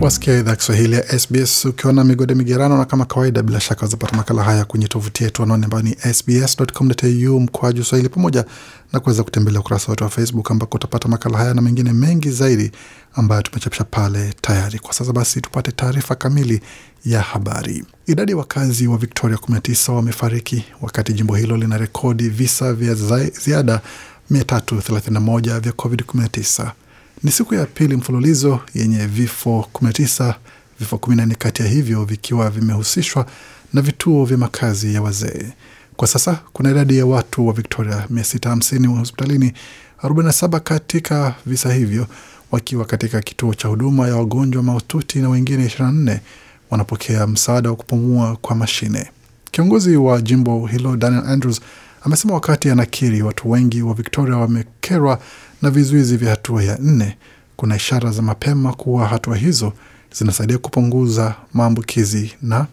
Wasikia idhaa Kiswahili ya SBS ukiona migode migerano, na kama kawaida, bila shaka wazapata makala haya kwenye tovuti yetu, anwani ambayo ni sbs.com.au mkoaju swahili, pamoja na kuweza kutembelea ukurasa wetu wa Facebook ambako utapata makala haya na mengine mengi zaidi ambayo tumechapisha pale tayari. Kwa sasa basi, tupate taarifa kamili ya habari. Idadi ya wakazi wa Victoria 19 wamefariki wakati jimbo hilo lina rekodi visa vya ziada 331 vya COVID-19 ni siku ya pili mfululizo yenye vifo 19, vifo 14 kati ya hivyo vikiwa vimehusishwa na vituo vya makazi ya wazee. Kwa sasa kuna idadi ya watu wa Victoria 650 hospitalini, 47 katika visa hivyo wakiwa katika kituo cha huduma ya wagonjwa mahututi na wengine 24 wanapokea msaada wa kupumua kwa mashine. Kiongozi wa jimbo hilo Daniel Andrews amesema wakati anakiri, watu wengi wa Victoria wamekerwa na vizuizi vya hatua ya nne, kuna ishara za mapema kuwa hatua hizo zinasaidia kupunguza maambukizi na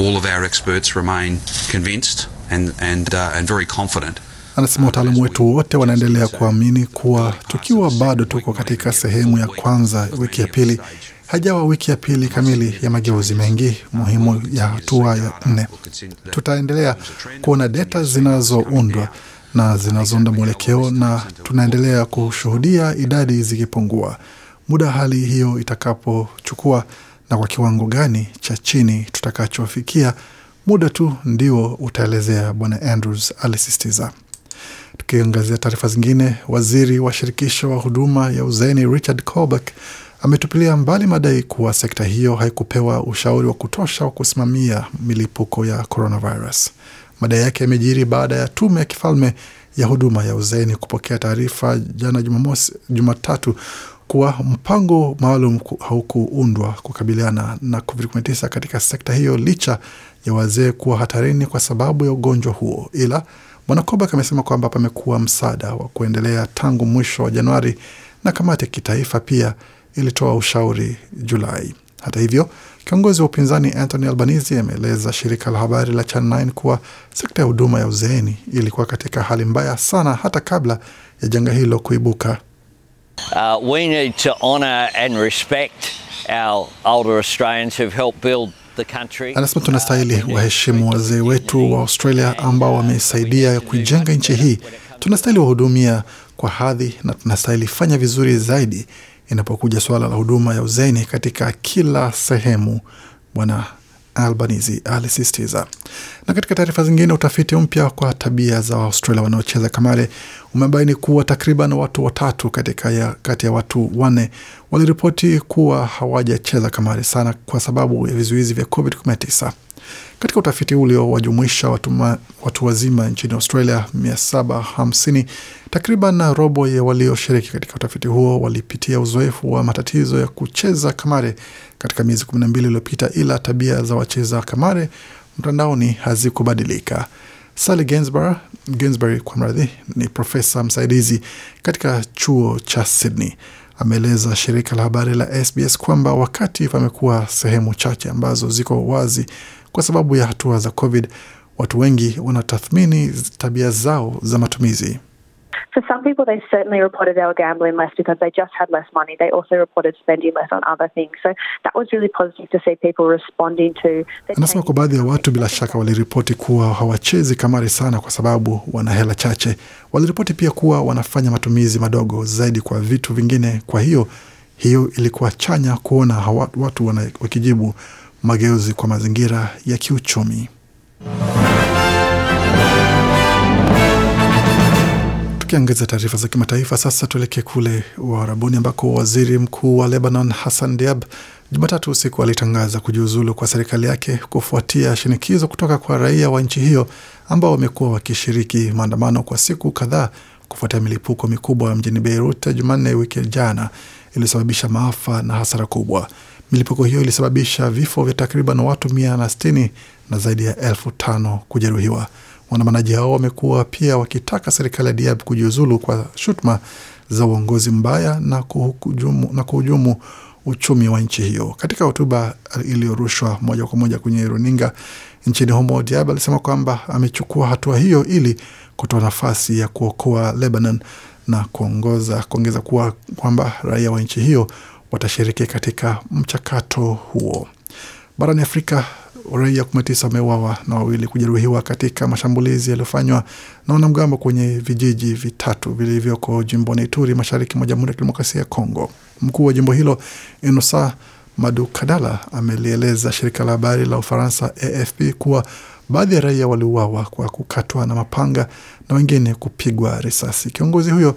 All of our experts remain convinced and, and, uh, and very confident. Anasema uh, wataalamu wetu wote wanaendelea kuamini kuwa tukiwa bado tuko katika sehemu ya kwanza wiki ya pili, hajawa wiki ya pili kamili ya mageuzi mengi muhimu ya hatua ya nne, tutaendelea kuona deta zinazoundwa na zinazounda mwelekeo na tunaendelea kushuhudia idadi zikipungua muda hali hiyo itakapochukua na kwa kiwango gani cha chini tutakachofikia, muda tu ndio utaelezea, Bwana Andrews alisisitiza. Tukiangazia taarifa zingine, waziri wa shirikisho wa huduma ya uzeni Richard Colbeck ametupilia mbali madai kuwa sekta hiyo haikupewa ushauri wa kutosha wa kusimamia milipuko ya coronavirus. Madai yake yamejiri baada ya tume ya kifalme ya huduma ya uzeeni kupokea taarifa jana Jumamosi, Jumatatu kuwa mpango maalum haukuundwa kukabiliana na COVID-19 katika sekta hiyo licha ya wazee kuwa hatarini kwa sababu ya ugonjwa huo. Ila Bwana Kobak amesema kwamba pamekuwa msaada wa kuendelea tangu mwisho wa Januari, na kamati ya kitaifa pia ilitoa ushauri Julai. Hata hivyo Kiongozi wa upinzani Anthony Albanese ameeleza shirika la habari la Channel 9 kuwa sekta ya huduma ya uzeeni ilikuwa katika hali mbaya sana hata kabla ya janga hilo kuibuka. Uh, we need to honor and respect our older Australians who've helped build Anasema tunastahili uh, waheshimu wazee wetu wa Australia ambao wameisaidia kuijenga nchi hii. Tunastahili wahudumia kwa hadhi na tunastahili fanya vizuri zaidi inapokuja suala la huduma ya uzeni katika kila sehemu, Bwana Albanizi alisisitiza. Na katika taarifa zingine, utafiti mpya kwa tabia za Waustralia wanaocheza kamari umebaini kuwa takriban watu watatu katika ya, kati ya watu wanne waliripoti kuwa hawajacheza kamari sana kwa sababu ya vizuizi vya COVID-19. Katika utafiti uliowajumuisha watu, watu wazima nchini Australia 750, takriban robo ya walioshiriki katika utafiti huo walipitia uzoefu wa matatizo ya kucheza kamare katika miezi 12 iliyopita, ila tabia za wacheza kamare mtandaoni hazikubadilika. Sally Gainsbury, Gainsbury kwa mradhi, ni profesa msaidizi katika chuo cha Sydney ameeleza shirika la habari la SBS kwamba wakati pamekuwa sehemu chache ambazo ziko wazi kwa sababu ya hatua za COVID, watu wengi wanatathmini tabia zao za matumizi. For some people, they certainly reported they were gambling less because they just had less money. They also reported spending less on other things. So that was really positive to see people responding to. Anasema kwa baadhi ya watu bila shaka waliripoti kuwa hawachezi kamari sana kwa sababu wana hela chache. Waliripoti pia kuwa wanafanya matumizi madogo zaidi kwa vitu vingine. Kwa hiyo hiyo ilikuwa chanya kuona hawa, watu wana, wakijibu mageuzi kwa mazingira ya kiuchumi. Tukiangazia taarifa za kimataifa sasa, tuelekee kule Uarabuni ambako waziri mkuu wa Lebanon Hassan Diab Jumatatu usiku alitangaza kujiuzulu kwa serikali yake kufuatia shinikizo kutoka kwa raia wa nchi hiyo ambao wamekuwa wakishiriki maandamano kwa siku kadhaa kufuatia milipuko mikubwa mjini Beirut Jumanne wiki jana iliyosababisha maafa na hasara kubwa. Milipuko hiyo ilisababisha vifo vya takriban watu mia na sitini na zaidi ya elfu tano kujeruhiwa. Waandamanaji hao wamekuwa pia wakitaka serikali ya Diab kujiuzulu kwa shutuma za uongozi mbaya na kuhujumu, na kuhujumu uchumi wa nchi hiyo. Katika hotuba iliyorushwa moja kwa moja kwenye runinga nchini humo, Diab alisema kwamba amechukua hatua hiyo ili kutoa nafasi ya kuokoa Lebanon na kuongoza kuongeza kuwa kwamba raia wa nchi hiyo watashiriki katika mchakato huo. Barani Afrika, raia 19 wameuawa na wawili kujeruhiwa katika mashambulizi yaliyofanywa na wanamgambo kwenye vijiji vitatu vilivyoko jimboni Ituri, mashariki mwa Jamhuri ya Kidemokrasia ya Kongo. Mkuu wa jimbo hilo Enosa Madukadala amelieleza shirika la habari la Ufaransa AFP kuwa baadhi ya raia waliuawa kwa kukatwa na mapanga na wengine kupigwa risasi. Kiongozi huyo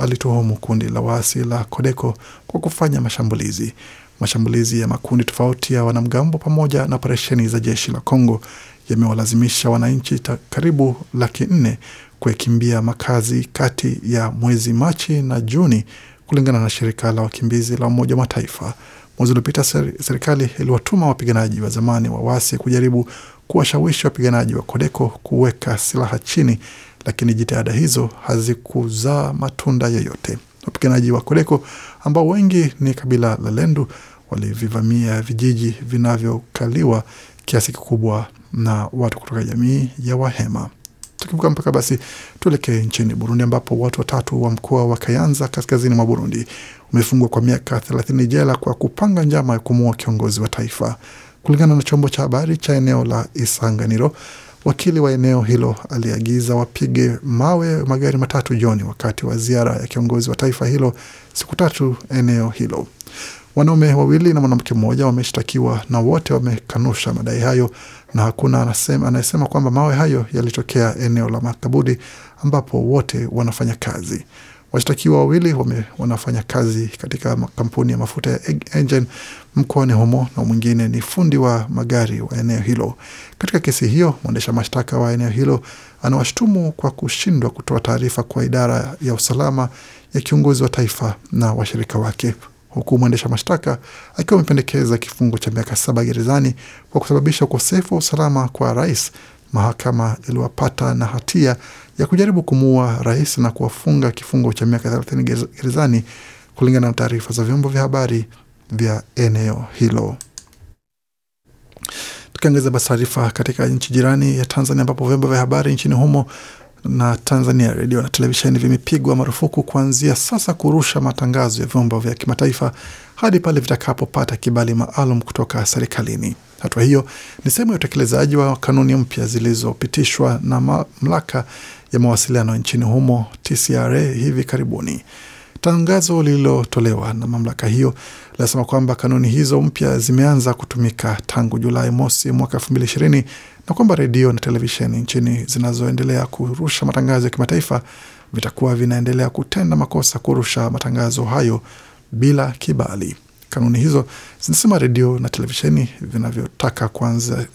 alituhumu kundi la waasi la Kodeko kwa kufanya mashambulizi. Mashambulizi ya makundi tofauti ya wanamgambo pamoja na operesheni za jeshi la Kongo yamewalazimisha wananchi karibu laki nne kuyakimbia makazi kati ya mwezi Machi na Juni, kulingana na shirika la wakimbizi la Umoja wa Mataifa. Mwezi uliopita, serikali iliwatuma wapiganaji wa zamani wa wasi kujaribu kuwashawishi wapiganaji wa Kodeko kuweka silaha chini, lakini jitihada hizo hazikuzaa matunda yoyote. Wapiganaji wa koreko ambao wengi ni kabila la Lendu walivivamia vijiji vinavyokaliwa kiasi kikubwa na watu kutoka jamii ya Wahema. Tukivuka mpaka basi, tuelekee nchini Burundi ambapo watu watatu wa mkoa wa Kayanza kaskazini mwa Burundi wamefungwa kwa miaka thelathini jela kwa kupanga njama ya kumuua kiongozi wa taifa, kulingana na chombo cha habari cha eneo la Isanganiro. Wakili wa eneo hilo aliagiza wapige mawe magari matatu jioni wakati wa ziara ya kiongozi wa taifa hilo siku tatu eneo hilo. Wanaume wawili na mwanamke mmoja wameshtakiwa na wote wamekanusha madai hayo, na hakuna anayesema kwamba mawe hayo yalitokea eneo la makaburi ambapo wote wanafanya kazi. Washtakiwa wawili wame, wanafanya kazi katika kampuni ya mafuta ya Engen mkoani humo na mwingine ni fundi wa magari wa eneo hilo. Katika kesi hiyo, mwendesha mashtaka wa eneo hilo anawashtumu kwa kushindwa kutoa taarifa kwa idara ya usalama ya kiongozi wa taifa na washirika wake huku mwendesha mashtaka akiwa amependekeza kifungo cha miaka saba gerezani kwa kusababisha ukosefu wa usalama kwa rais mahakama iliwapata na hatia ya kujaribu kumuua rais na kuwafunga kifungo cha miaka thelathini gerezani, kulingana na taarifa za vyombo vya habari vya eneo hilo. Tukiangazia basi taarifa katika nchi jirani ya Tanzania, ambapo vyombo vya habari nchini humo na Tanzania redio na televisheni vimepigwa marufuku kuanzia sasa kurusha matangazo ya vyombo vya kimataifa hadi pale vitakapopata kibali maalum kutoka serikalini. Hatua hiyo ni sehemu ya utekelezaji wa kanuni mpya zilizopitishwa na mamlaka ya mawasiliano nchini humo TCRA hivi karibuni. Tangazo lililotolewa na mamlaka hiyo linasema kwamba kanuni hizo mpya zimeanza kutumika tangu Julai mosi mwaka elfu mbili ishirini na kwamba redio na televisheni nchini zinazoendelea kurusha matangazo ya kimataifa vitakuwa vinaendelea kutenda makosa kurusha matangazo hayo bila kibali. Kanuni hizo zinasema redio na televisheni vinavyotaka kuanza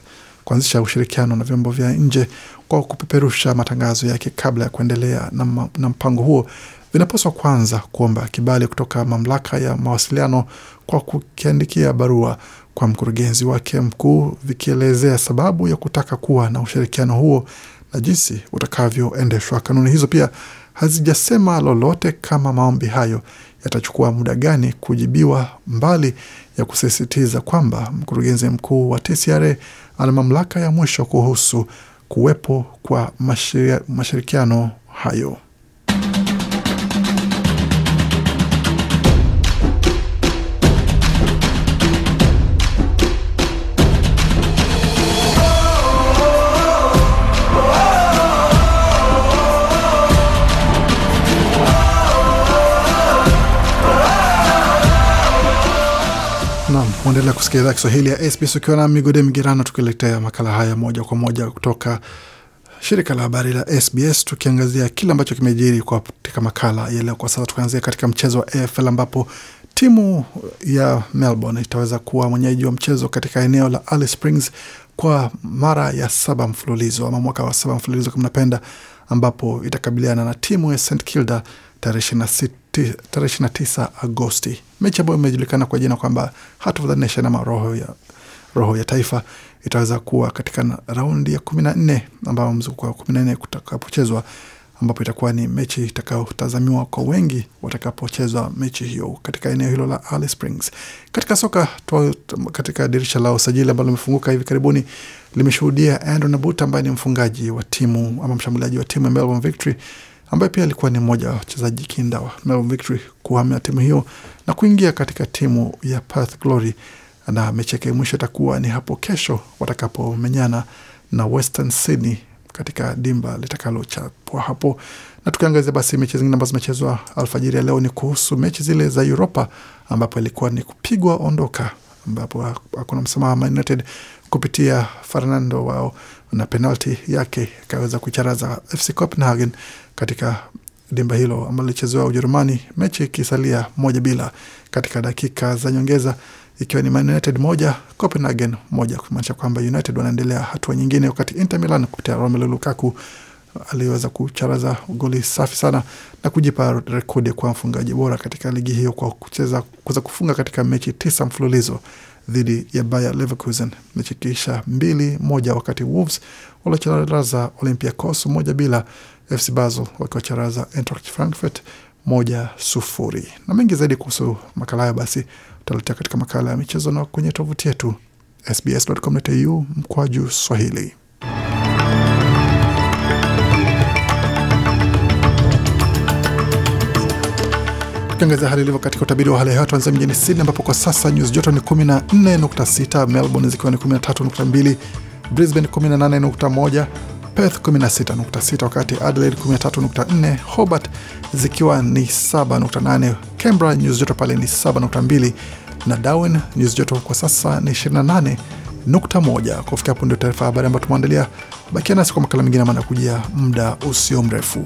kuanzisha ushirikiano na vyombo vya nje kwa kupeperusha matangazo yake kabla ya kuendelea na, na mpango huo vinapaswa kwanza kuomba kibali kutoka mamlaka ya mawasiliano kwa kukiandikia barua kwa mkurugenzi wake mkuu vikielezea sababu ya kutaka kuwa na ushirikiano huo na jinsi utakavyoendeshwa. Kanuni hizo pia hazijasema lolote kama maombi hayo yatachukua muda gani kujibiwa, mbali ya kusisitiza kwamba mkurugenzi mkuu wa TCRA ana mamlaka ya mwisho kuhusu kuwepo kwa mashirikiano hayo. Mwendelea kusikia idhaa Kiswahili ya SBS ukiwa na migode migerano, tukiletea makala haya moja kwa moja kutoka shirika la habari la SBS tukiangazia kile ambacho kimejiri katika makala ya leo. Kwa sasa tukaanzia katika mchezo wa AFL ambapo timu ya Melbourne itaweza kuwa mwenyeji wa mchezo katika eneo la Alice Springs kwa mara ya saba mfululizo ama mwaka wa saba mfululizo kama napenda, ambapo itakabiliana na timu ya St Kilda tarehe tarehe 29 Agosti, mechi ambayo imejulikana kwa jina kwamba Heart of the Nation ama roho ya, roho ya taifa itaweza kuwa katika raundi ya kumi na nne ambayo mzunguko wa kumi na nne kutakapochezwa ambapo itakuwa ni mechi itakayotazamiwa kwa wengi watakapochezwa mechi hiyo katika eneo hilo la Alice Springs. Katika soka tuwa, katika dirisha la usajili ambalo limefunguka hivi karibuni limeshuhudia Andrew Nabut ambaye ni mfungaji wa timu ama mshambuliaji wa timu ya Melbourne Victory ambaye pia alikuwa ni mmoja wa wachezaji kinda wa Melbourne Victory kuhamia timu hiyo na kuingia katika timu ya Perth Glory, na mechi yake mwisho itakuwa ni hapo kesho watakapomenyana na Western Sydney katika dimba litakalochapwa hapo. Na tukiangazia basi mechi zingine ambazo zimechezwa alfajiri ya leo ni kuhusu mechi zile za Uropa ambapo ilikuwa ni kupigwa ondoka, ambapo hakuna msamaha. Man United kupitia Fernando wao na penalti yake akaweza kuicharaza FC Copenhagen katika dimba hilo ambalo lilichezewa Ujerumani, mechi ikisalia moja bila katika dakika za nyongeza, ikiwa ni Man United moja Copenhagen moja, kumaanisha kwamba United wanaendelea hatua nyingine, wakati Inter Milan kupitia Romelu Lukaku aliweza kucharaza goli safi sana na kujipa rekodi kwa mfungaji bora katika ligi hiyo kwa kucheza kuweza kufunga katika mechi tisa mfululizo dhidi ya Bayer Leverkusen, mechi kisha mbili moja, wakati Wolves waliocharaza Olympiacos moja bila FC Basel wakiwacharaza Eintracht Frankfurt moja sufuri. Na mengi zaidi kuhusu makala hayo basi utaletea katika makala ya michezo na kwenye tovuti yetu sbs.com.au mkwaju Swahili. Tukiangazia hali ilivyo katika utabiri wa hali ya hewa, tuanzia mjini Sydney ambapo kwa sasa nyuzi joto ni 14.6, Melbourne zikiwa ni 13.2, Brisbane 18.1 Perth 16.6, wakati Adelaide 13.4, Hobart zikiwa ni 7.8, Canberra nyuzi joto pale ni 7.2 na Darwin nyuzi joto kwa sasa ni 28.1. Kufikia hapo ndio taarifa ya habari ambayo tumeandalia. Bakia nasi kwa makala mengine, maana kujia muda usio mrefu.